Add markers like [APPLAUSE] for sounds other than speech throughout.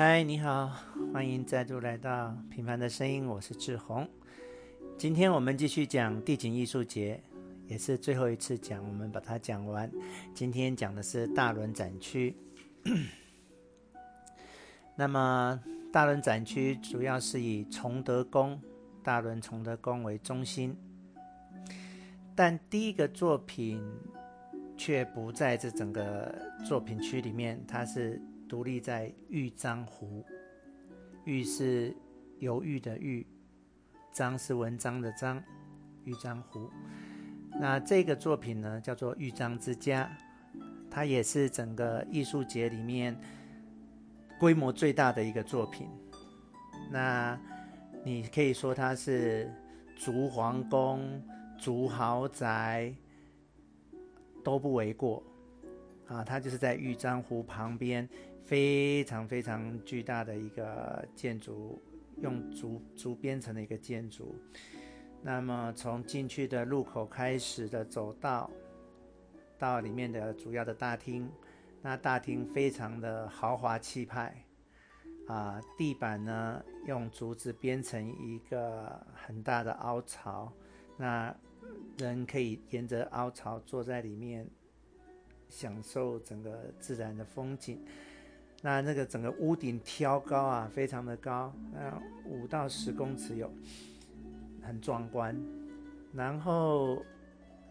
嗨，Hi, 你好，歡迎再度來到《平凡的聲音》，我是志宏。今天我們繼續講地景藝術節，也是最後一次講，我們把它講完。今天講的是大崙展區。 [COUGHS] 那麼，大崙展區主要是以崇德宮、大崙崇德宮為中心，但第一個作品卻不在這整個作品區裡面，它是。獨立在豫章湖，豫是猶豫的豫，章是文章的章，豫章湖。那這個作品呢，叫做《豫章之家》，它也是整個藝術節裡面規模最大的一個作品。那你可以說它是竹皇宮、竹豪宅都不為過啊！它就是在豫章湖旁邊。非常非常巨大的一個建築，用竹竹編成的一個建築。那麼從進去的入口開始的走道，到裡面的主要的大廳，那大廳非常的豪華氣派啊！地板呢，用竹子編成一個很大的凹槽，那人可以沿着凹槽坐在裡面，享受整個自然的風景。那那個整個屋頂挑高啊，非常的高，呃，五到十公尺有，很壯觀。然後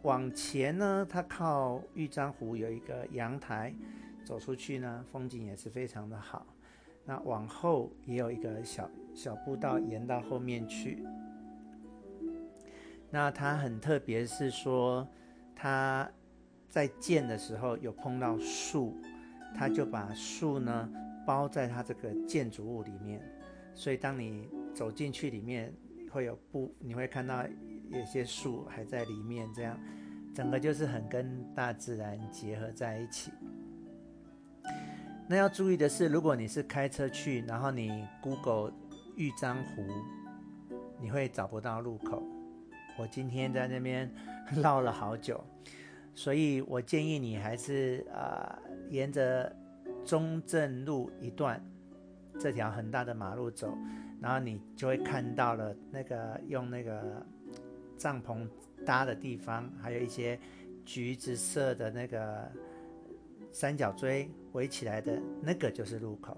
往前呢，它靠玉簪湖有一個陽台，走出去呢，風景也是非常的好。那往後也有一個小小步道，沿到後面去。那它很特別，是說它在建的時候有碰到樹。他就把樹呢包在它這個建築物裡面，所以當你走進去裡面，會有不你會看到有些樹還在裡面，這樣整個就是很跟大自然結合在一起。那要注意的是，如果你是開車去，然後你 Google 豫章湖，你會找不到入口。我今天在那邊繞了好久。所以我建議你還是啊、呃，沿着中正路一段這條很大的馬路走，然後你就會看到了那個用那個帳篷搭的地方，還有一些橘子色的那個三角錐圍起來的，那個就是路口。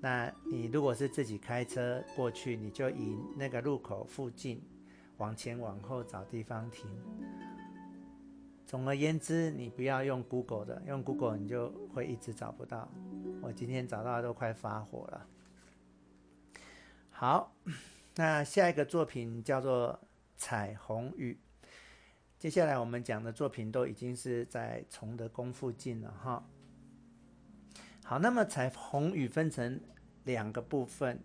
那你如果是自己開車過去，你就以那個路口附近往前往後找地方停。總而言之，你不要用 Google 的，用 Google 你就會一直找不到。我今天找到都快發火了。好，那下一個作品叫做《彩虹雨》。接下來我們講的作品都已經是在崇德宮附近了，哈。好，那麼《彩虹雨》分成兩個部分，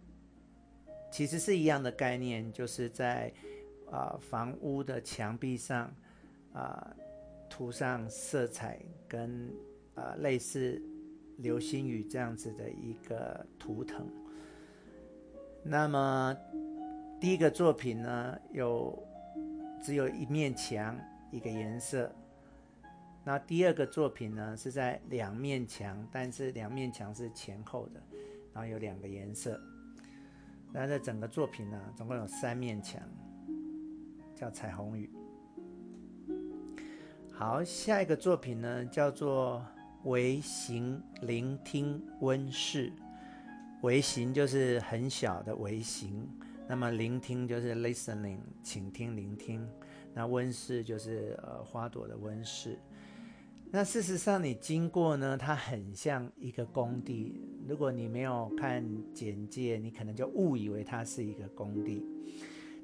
其實是一樣的概念，就是在啊、呃、房屋的牆壁上啊。呃塗上色彩跟呃類似流星雨這樣子的一個圖騰。那麼第一個作品呢，有只有一面牆，一個顏色。那第二個作品呢是在兩面牆，但是兩面牆是前後的，然後有兩個顏色。那這整個作品呢，總共有三面牆，叫彩虹雨。好，下一個作品呢，叫做《微型聆聽溫室》。微型就是很小的微型，那麼聆聽就是 listening，請聽聆聽。那溫室就是呃花朵的溫室。那事實上，你經過呢，它很像一個工地。如果你沒有看簡介，你可能就誤以為它是一個工地。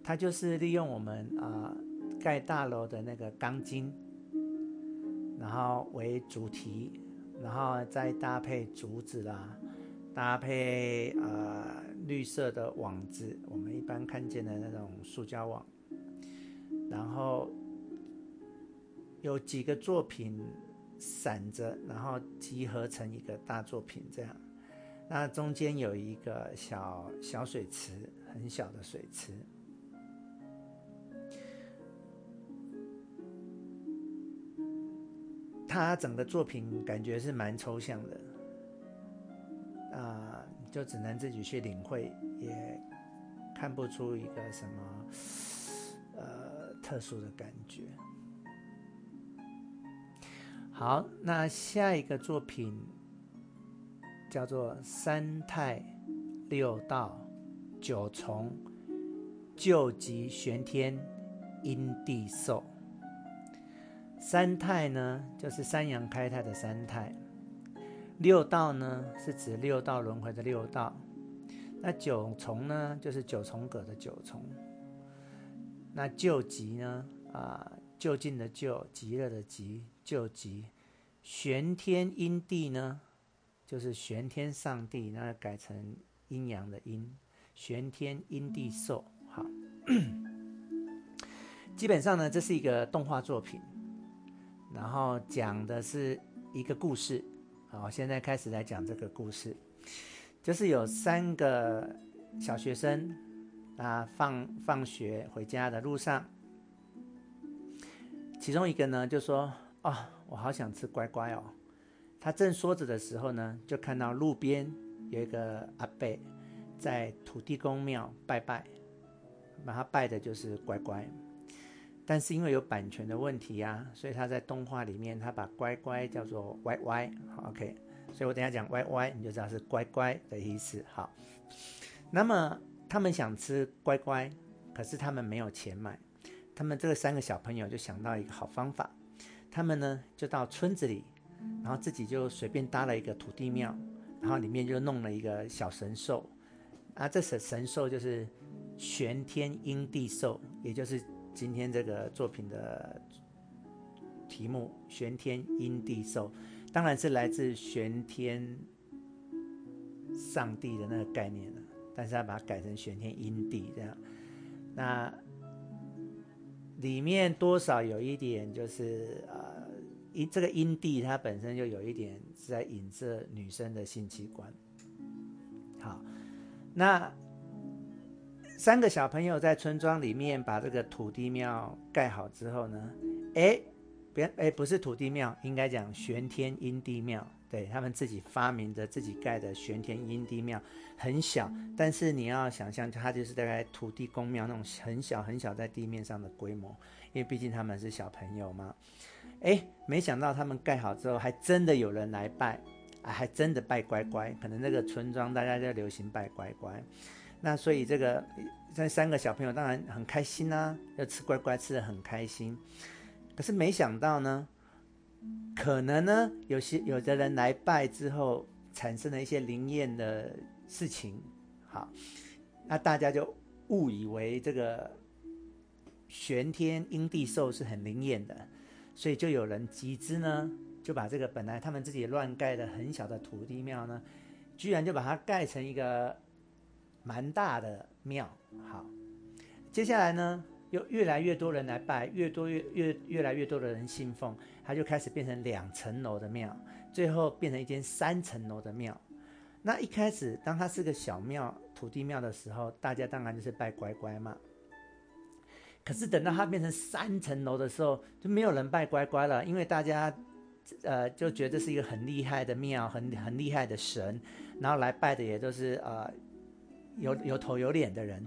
它就是利用我們啊、呃、蓋大樓的那個鋼筋。然後為主題，然後再搭配竹子啦，搭配呃綠色的網子，我們一般看見的那種塑膠網。然後有幾個作品散着，然後集合成一個大作品這樣。那中間有一個小小水池，很小的水池。他整個作品感覺是蠻抽象的，啊，就只能自己去領會，也看不出一個什麼呃特殊的感覺。好，那下一個作品叫做《三太六道九重九極玄天陰地壽》。三泰呢，就是三陽開泰的三泰；六道呢，是指六道輪迴的六道；那九重呢，就是九重葛的九重；那救急呢，啊，就近的就，極樂的極，救急；玄天陰地呢，就是玄天上帝，那改成陰陽的陰，玄天陰地壽。好， [COUGHS] 基本上呢，這是一個動畫作品。然後講的是一個故事，好，我現在開始來講這個故事，就是有三個小學生他，啊，放放學回家的路上，其中一個呢就說：啊、哦，我好想吃乖乖哦。他正說着的時候呢，就看到路邊有一個阿伯在土地公廟拜拜，把他拜的就是乖乖。但是因為有版權的問題呀、啊，所以他在動畫裡面，他把乖乖叫做歪歪，好，OK，所以我等一下講歪歪，你就知道是乖乖的意思。好，那麼他們想吃乖乖，可是他們沒有錢買，他們這個三個小朋友就想到一個好方法，他們呢就到村子裡，然後自己就隨便搭了一個土地廟，然後裡面就弄了一個小神獸，啊，這神神獸就是玄天陰地獸，也就是。今天這個作品的題目“玄天陰地獸”，當然是來自玄天上帝的那個概念了，但是他把它改成“玄天陰地”這樣，那裡面多少有一點就是，呃，一，這個陰地它本身就有一點是在影射女生的性器官，好，那。三個小朋友在村莊裡面把這個土地廟蓋好之後呢，哎，別，誒，不是土地廟，應該講玄天陰地廟，對，他們自己發明的、自己蓋的玄天陰地廟，很小，但是你要想象，它就是大概土地公廟那種很小很小在地面上的規模，因為畢竟他們是小朋友嘛。誒，沒想到他們蓋好之後，還真的有人來拜，啊，還真的拜乖乖，可能那個村莊大家就流行拜乖乖。那所以，這個這三個小朋友當然很開心吶，啊，要吃乖乖吃的很開心。可是沒想到呢，可能呢有些有的人來拜之後，產生了一些靈驗的事情。好，那大家就誤以為這個玄天陰地壽是很靈驗的，所以就有人集資呢，就把這個本來他們自己亂蓋的很小的土地廟呢，居然就把它蓋成一個。蠻大的廟，好，接下來呢，又越來越多人來拜，越多越越越來越多的人信奉，他就開始變成兩層樓的廟，最後變成一間三層樓的廟。那一開始，當他是個小廟，土地廟的時候，大家當然就是拜乖乖嘛。可是等到他變成三層樓的時候，就沒有人拜乖乖了，因為大家，呃，就覺得是一個很厲害的廟，很很厲害的神，然後來拜的也都、就是呃。有有頭有臉的人，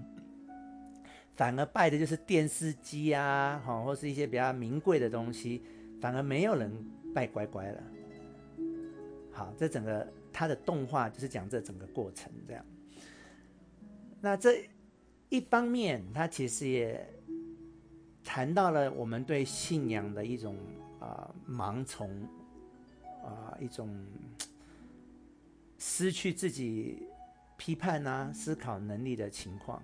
反而拜的就是電視機啊，或或是一些比較名貴的東西，反而沒有人拜乖乖了。好，這整個他的動畫就是講這整個過程這樣。那這一方面，他其實也談到了我們對信仰的一種啊盲從啊，一種失去自己、批判啊，思考能力的情況，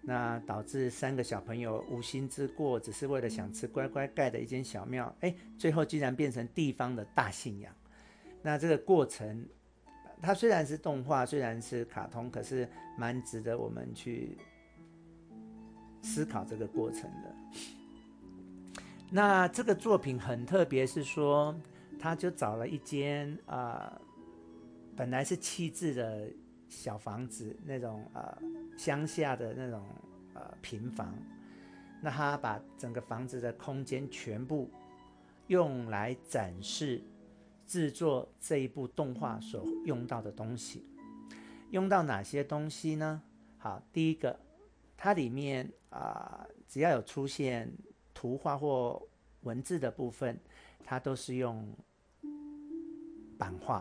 那導致三個小朋友無心之過，只是為了想吃乖乖蓋的一間小廟，哎，最後竟然變成地方的大信仰。那這個過程，它雖然是動畫，雖然是卡通，可是蠻值得我們去思考這個過程的。那這個作品很特別，是說他就找了一間啊、呃，本來是棄置的小房子那種，呃，鄉下的那種呃平房，那他把整個房子的空間全部用來展示製作這一部動畫所用到的東西，用到哪些東西呢？好，第一個，它裡面啊、呃，只要有出現圖畫或文字的部分，它都是用版畫。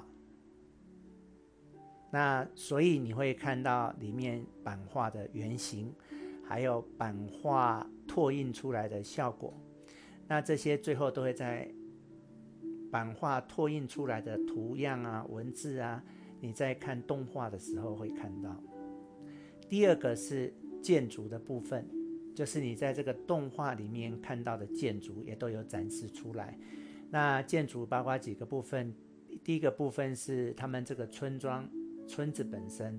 那所以你會看到裡面版畫的原型，還有版畫拓印出來的效果。那這些最後都會在版畫拓印出來的圖樣啊、文字啊，你在看動畫的時候會看到。第二個是建築的部分，就是你在這個動畫裡面看到的建築也都有展示出來。那建築包括幾個部分，第一個部分是他們這個村莊。村子本身，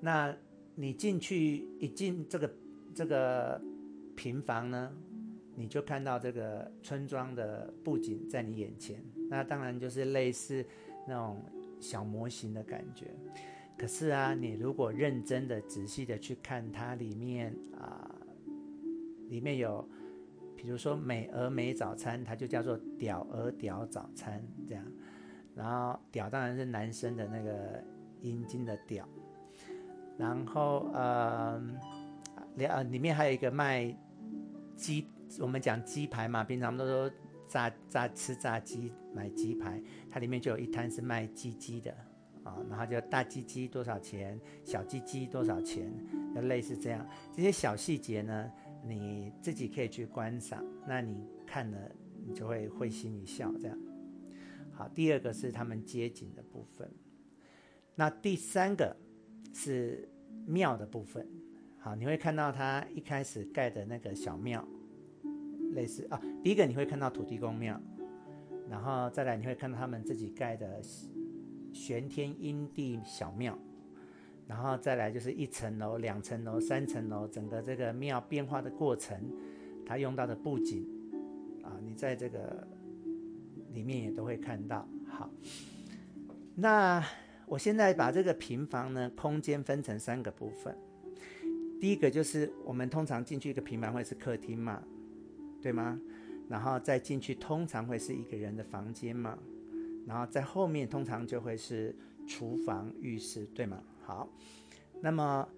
那你進去一進這個這個平房呢，你就看到這個村莊的布景在你眼前。那當然就是類似那種小模型的感覺。可是啊，你如果認真的、仔細的去看它裡面啊、呃，裡面有，比如說美而美早餐，它就叫做屌兒屌早餐這樣。然後屌當然是男生的那個陰莖的屌，然後呃，裡裡面還有一個賣雞，我們講雞排嘛，平常我們都說炸炸吃炸雞買雞排，它裡面就有一攤是賣雞雞的啊，然後就大雞雞多少錢，小雞雞多少錢，就類似這樣，這些小細節呢，你自己可以去觀賞，那你看了你就會會心一笑這樣。好，第二個是他們街景的部分，那第三個是廟的部分。好，你會看到他一開始蓋的那個小廟，類似啊，第一個你會看到土地公廟，然後再來你會看到他們自己蓋的玄天陰地小廟，然後再來就是一層樓、兩層樓、三層樓，整個這個廟變化的過程，他用到的布景啊，你在這個。裡面也都會看到。好，那我現在把這個平房呢，空間分成三個部分。第一個就是我們通常進去一個平房會是客廳嘛，對嗎？然後再進去通常會是一個人的房間嘛，然後在後面通常就會是廚房、浴室，對嗎？好，那麼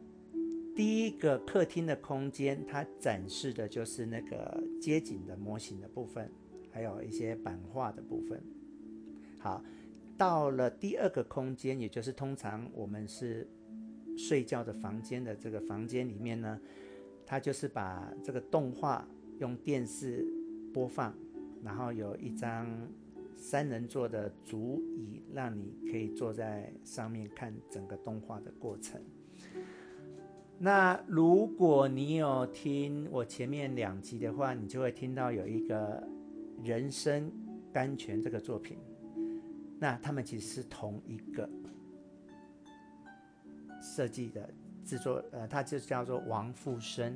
第一個客廳的空間，它展示的就是那個街景的模型的部分。還有一些版畫的部分。好，到了第二個空間，也就是通常我們是睡覺的房間的這個房間裡面呢，它就是把這個動畫用電視播放，然後有一張三人座的竹椅，讓你可以坐在上面看整個動畫的過程。那如果你有聽我前面兩集的話，你就會聽到有一個。人生甘泉這個作品，那他們其實是同一個設計的制作，呃，他就叫做王富生，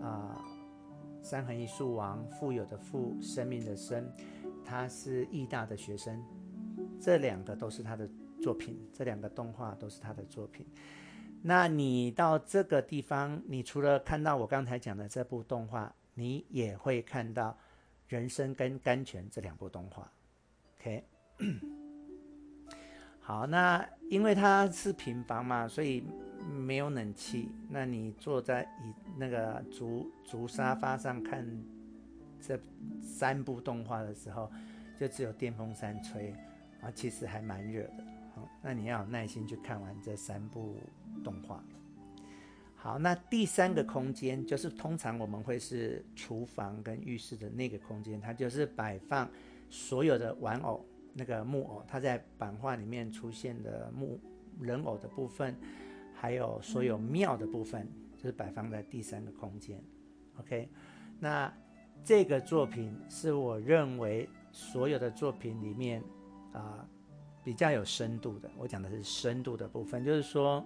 啊、呃，三橫一豎王，富有的富，生命的生，他是藝大的學生，這兩個都是他的作品，這兩個動畫都是他的作品。那你到這個地方，你除了看到我剛才講的這部動畫，你也會看到。人生跟甘泉這兩部動畫，OK， [COUGHS] 好，那因為它是平房嘛，所以沒有冷氣。那你坐在以那個竹竹沙發上看這三部動畫的時候，就只有電風扇吹，啊，其實還蠻熱的。好，那你要有耐心去看完這三部動畫。好，那第三個空間就是通常我們會是廚房跟浴室的那個空間，它就是擺放所有的玩偶、那個木偶，它在版畫裡面出現的木人偶的部分，還有所有廟的部分，就是擺放在第三個空間。OK，那這個作品是我認為所有的作品裡面啊、呃、比較有深度的，我講的是深度的部分，就是說。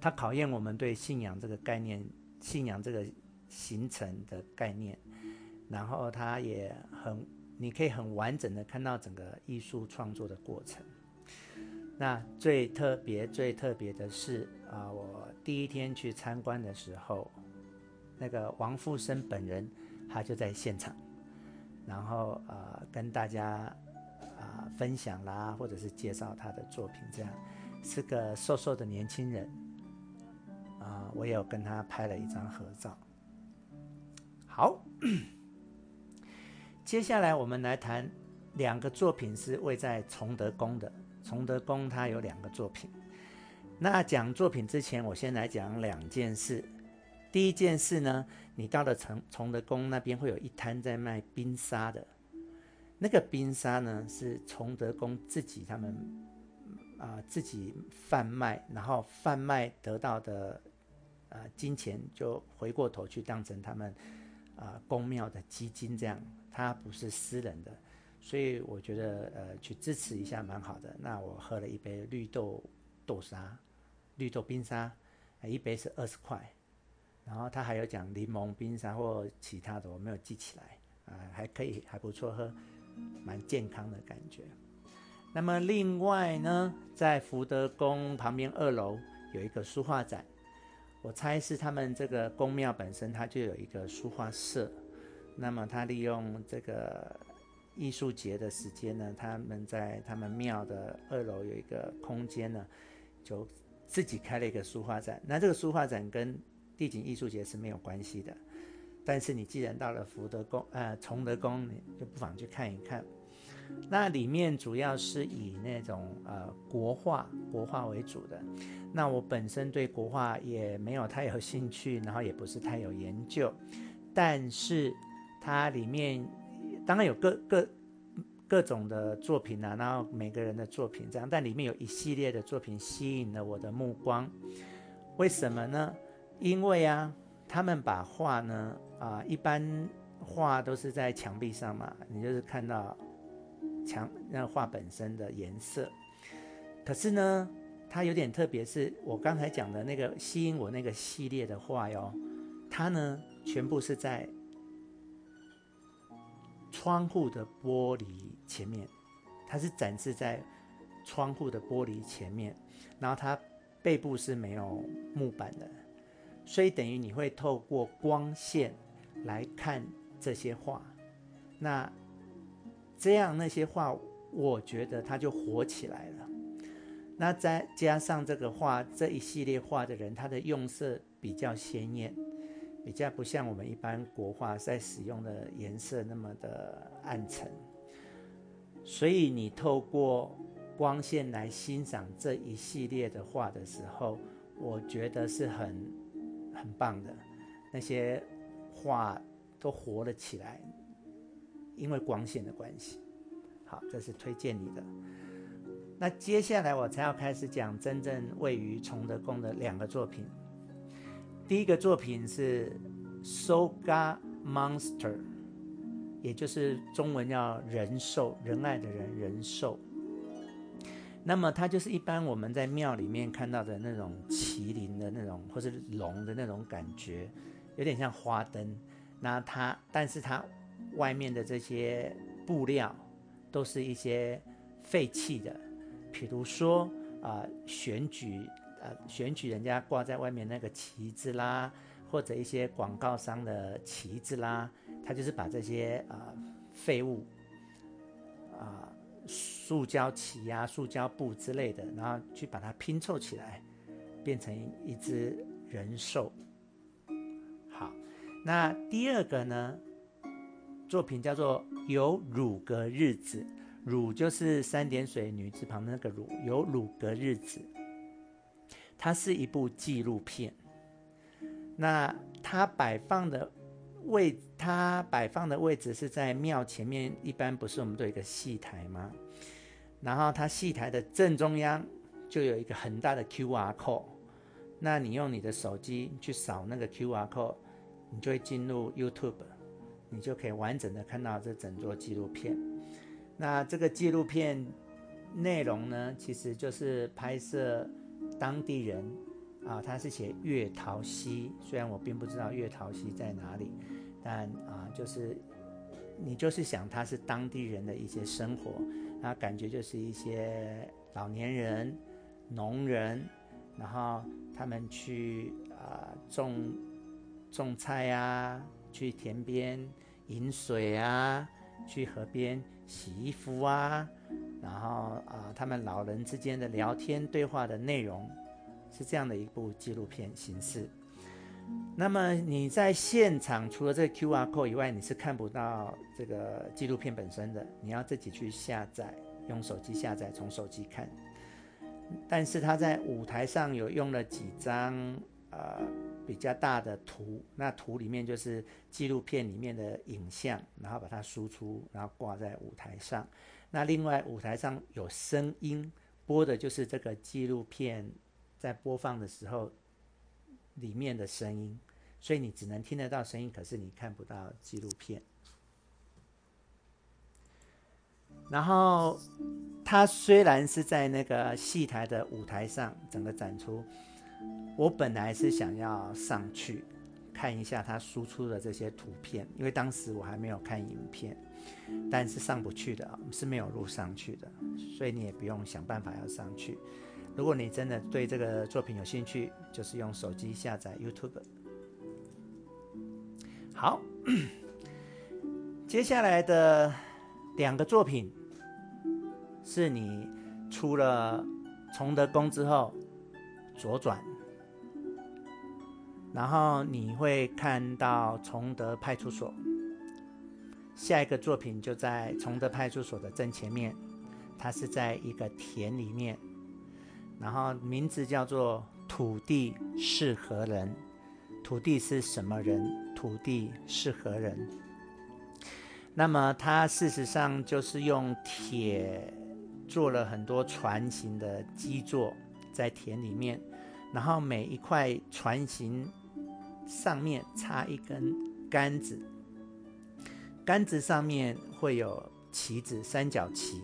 它考驗我們對信仰這個概念、信仰這個形成的概念，然後它也很，你可以很完整的看到整個藝術創作的過程。那最特別、最特別的是啊、呃，我第一天去參觀的時候，那個王富生本人他就在現場，然後啊、呃、跟大家啊、呃、分享啦，或者是介紹他的作品這樣，是個瘦瘦的年輕人。啊、呃，我有跟他拍了一張合照。好， [COUGHS] 接下來我們來談兩個作品是位在崇德宮的。崇德宮它有兩個作品。那講作品之前，我先來講兩件事。第一件事呢，你到了崇崇德宮那邊會有一攤在賣冰沙的。那個冰沙呢，是崇德宮自己他們啊、呃、自己販賣，然後販賣得到的。呃，金錢就回過頭去當成他們啊，宮廟的基金這樣，它不是私人的，所以我覺得呃，去支持一下蠻好的。那我喝了一杯綠豆豆沙，綠豆冰沙，一杯是二十塊，然後他還有講檸檬冰沙或其他的，我沒有記起來，啊，還可以，還不錯喝，蠻健康的感覺。那麼另外呢，在福德宮旁邊二樓有一個書畫展。我猜是他們這個宮廟本身，它就有一個書畫社。那麼，它利用這個藝術節的時間呢，他們在他們廟的二樓有一個空間呢，就自己開了一個書畫展。那這個書畫展跟地景藝術節是沒有關係的，但是你既然到了福德宮，呃，崇德宮，你就不妨去看一看。那裡面主要是以那種呃國畫國畫為主的，那我本身對國畫也沒有太有興趣，然後也不是太有研究，但是它裡面當然有各各各種的作品吶啊，然後每個人的作品這樣，但裡面有一系列的作品吸引了我的目光，為什麼呢？因為啊，他們把畫呢啊呃，一般畫都是在牆壁上嘛，你就是看到。那畫本身的顏色，可是呢，它有點特別，是我剛才講的那個吸引我那個系列的畫喲。它呢全部是在窗戶的玻璃前面，它是展示在窗戶的玻璃前面，然後它背部是沒有木板的，所以等於你會透過光線來看這些畫，那。這樣那些畫，我覺得它就活起來了。那再加上這個畫，這一系列畫的人，他的用色比較鮮豔，比較不像我們一般國畫在使用的顏色那麼的暗沉。所以你透過光線來欣賞這一系列的畫的時候，我覺得是很很棒的。那些畫都活了起來。因為光線的關係，好，這是推薦你的。那接下來我才要開始講真正位於崇德宮的兩個作品。第一個作品是 Soga Monster，也就是中文叫仁獸仁愛的仁仁獸。那麼它就是一般我們在廟裡面看到的那種麒麟的那種，或是龍的那種感覺，有點像花燈。那它，但是它。外面的這些布料都是一些廢棄的，比如說啊、呃、選舉啊、呃、選舉人家掛在外面那個旗子啦，或者一些廣告商的旗子啦，他就是把這些啊、呃、廢物啊、呃、塑膠旗啊塑膠布之類的，然後去把它拼湊起來，變成一只人獸。好，那第二個呢？作品叫做《有汝個日子》，汝就是三點水女字旁的那個汝。有汝個日子，它是一部紀錄片。那它擺放的位，它擺放的位置是在廟前面，一般不是我們做一個戲台嗎？然後它戲台的正中央就有一個很大的 QR code。那你用你的手機去掃那個 QR code，你就會進入 YouTube。你就可以完整的看到這整座紀錄片。那這個紀錄片內容呢，其實就是拍攝當地人啊，他是寫月桃溪，雖然我並不知道月桃溪在哪裡，但啊，就是你就是想他是當地人的一些生活，他、啊、感覺就是一些老年人、農人，然後他們去啊種種菜呀、啊。去田邊飲水啊，去河邊洗衣服啊，然後啊、呃，他們老人之間的聊天對話的內容是這樣的一部紀錄片形式。那麼你在現場除了這個 QR code 以外，你是看不到這個紀錄片本身的，你要自己去下載，用手機下載，從手機看。但是他在舞台上有用了幾張呃。比較大的圖，那圖裡面就是紀錄片裡面的影像，然後把它輸出，然後掛在舞台上。那另外舞台上有聲音，播的就是這個紀錄片在播放的時候裡面的聲音，所以你只能聽得到聲音，可是你看不到紀錄片。然後它雖然是在那個戲台的舞台上整個展出。我本來是想要上去看一下他輸出的這些圖片，因為當時我還沒有看影片，但是上不去的，是沒有錄上去的，所以你也不用想辦法要上去。如果你真的對這個作品有興趣，就是用手機下載 YouTube。好， [COUGHS] 接下來的兩個作品是你出了崇德宮之後左轉。然後你會看到崇德派出所。下一個作品就在崇德派出所的正前面，它是在一個田裡面。然後名字叫做“土地是何人”，土地是什麼人？土地是何人？那麼它事實上就是用鐵做了很多船型的基座，在田裡面。然後每一塊船型上面插一根杆子，杆子上面會有旗子，三角旗。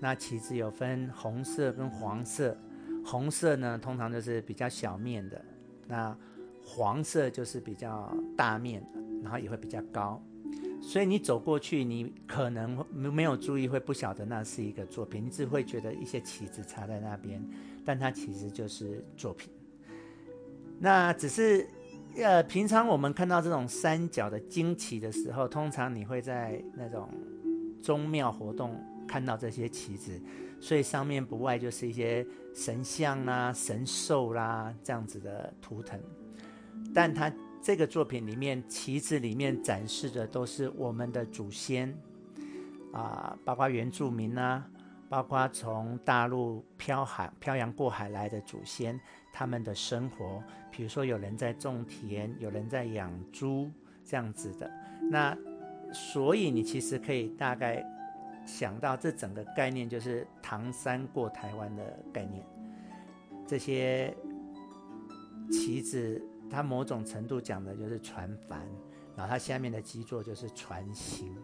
那旗子有分紅色跟黃色，紅色呢通常就是比較小面的，那黃色就是比較大面，然後也會比較高。所以你走過去，你可能沒有注意，會不曉得那是一個作品，你只會覺得一些旗子插在那邊，但它其實就是作品。那只是，呃，平常我們看到這種三角的旌旗的時候，通常你會在那種宗廟活動看到這些旗子，所以上面不外就是一些神像啦、啊、神獸啦、啊、這樣子的圖騰。但他這個作品裡面旗子裡面展示的都是我們的祖先啊、呃，包括原住民吶、啊。包括從大陸漂海漂洋過海來的祖先，他們的生活，比如說有人在種田，有人在養豬這樣子的。那所以你其實可以大概想到，這整個概念就是“唐山過台灣”的概念。這些旗子，它某種程度講的就是船帆，然後它下面的基座就是船型。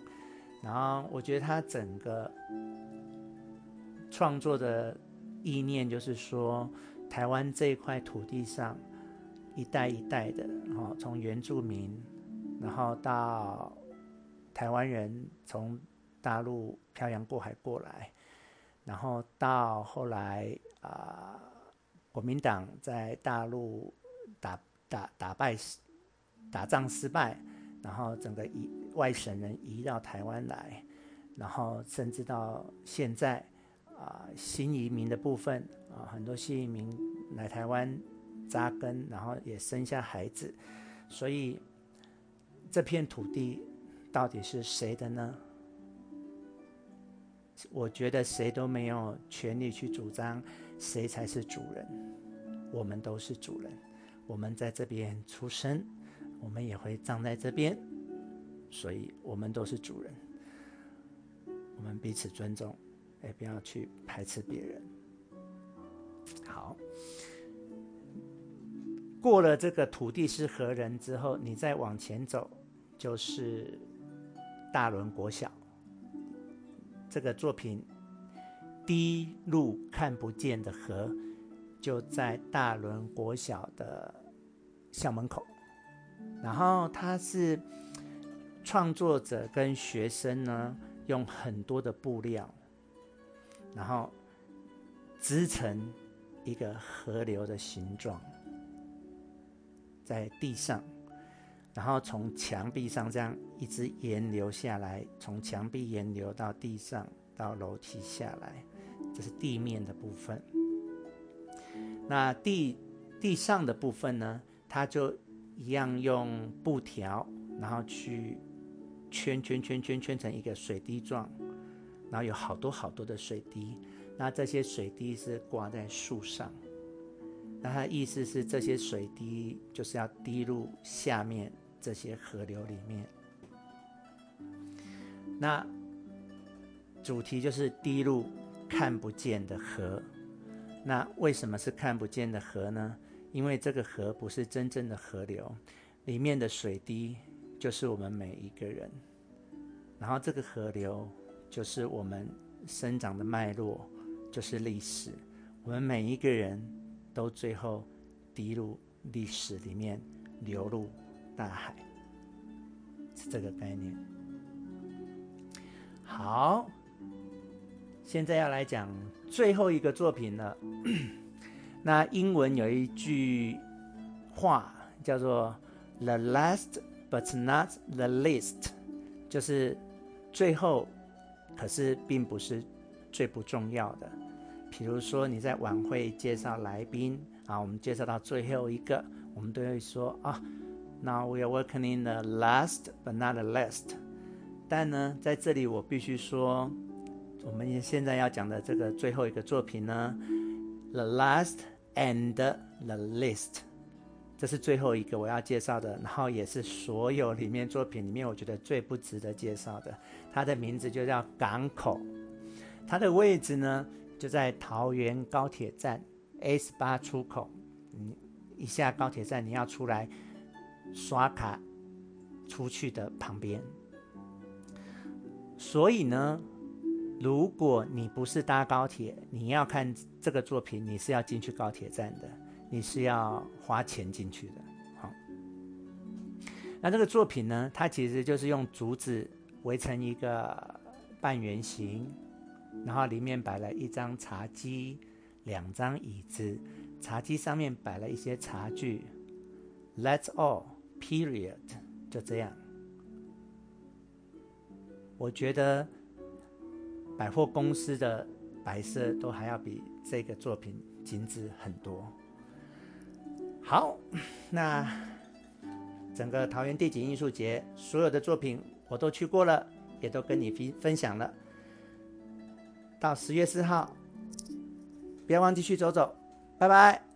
然後我覺得它整個。創作的意念就是說，台灣這塊土地上，一代一代的哦，從原住民，然後到台灣人從大陸漂洋過海過來，然後到後來啊、呃，國民黨在大陸打打打敗，打仗失敗，然後整個移外省人移到台灣來，然後甚至到現在。啊，新移民的部分啊，很多新移民來台灣紮根，然後也生下孩子，所以這片土地到底是誰的呢？我覺得誰都沒有權利去主張誰才是主人。我們都是主人，我們在這邊出生，我們也會葬在這邊，所以我們都是主人。我們彼此尊重。也不要去排斥別人。好，過了這個土地是何人之後，你再往前走，就是大崙國小這個作品。低路看不見的河，就在大崙國小的校門口。然後，它是創作者跟學生呢，用很多的布料。然後織成一個河流的形狀，在地上，然後從牆壁上這樣一直沿流下來，從牆壁沿流到地上，到樓梯下來，這是地面的部分。那地地上的部分呢？它就一樣用布條，然後去圈圈圈圈圈成一個水滴狀。然後有好多好多的水滴，那這些水滴是掛在樹上，那它的意思是這些水滴就是要滴入下面這些河流裡面。那主題就是滴入看不見的河。那為什麼是看不見的河呢？因為這個河不是真正的河流，裡面的水滴就是我們每一個人，然後這個河流。就是我們生長的脈絡，就是歷史。我們每一個人都最後滴入歷史裡面，流入大海，是這個概念。好，現在要來講最後一個作品了。 [COUGHS] 那英文有一句話叫做 “The last but not the least”，就是最後。可是並不是最不重要的。比如說你在晚會介紹來賓啊，我們介紹到最後一個，我們都會說啊，Now we are working in the last but not the least。但呢，在這裡我必須說，我們現在要講的這個最後一個作品呢，The last and the least。這是最後一個我要介紹的，然後也是所有裡面作品裡面我覺得最不值得介紹的。它的名字就叫港口，它的位置呢，就在桃園高鐵站 A8 出口。你一下高鐵站，你要出來刷卡出去的旁邊。所以呢，如果你不是搭高鐵，你要看這個作品，你是要進去高鐵站的。你是要花錢進去的，好。那這個作品呢，它其實就是用竹子圍成一個半圓形，然後裡面擺了一張茶几、兩張椅子，茶幾上面擺了一些茶具。Let's all, period，就這樣。我覺得百貨公司的擺設都還要比這個作品精緻很多。好，那整個桃園地景藝術節所有的作品我都去過了，也都跟你分分享了。到十月四號，別忘記繼續走走，拜拜。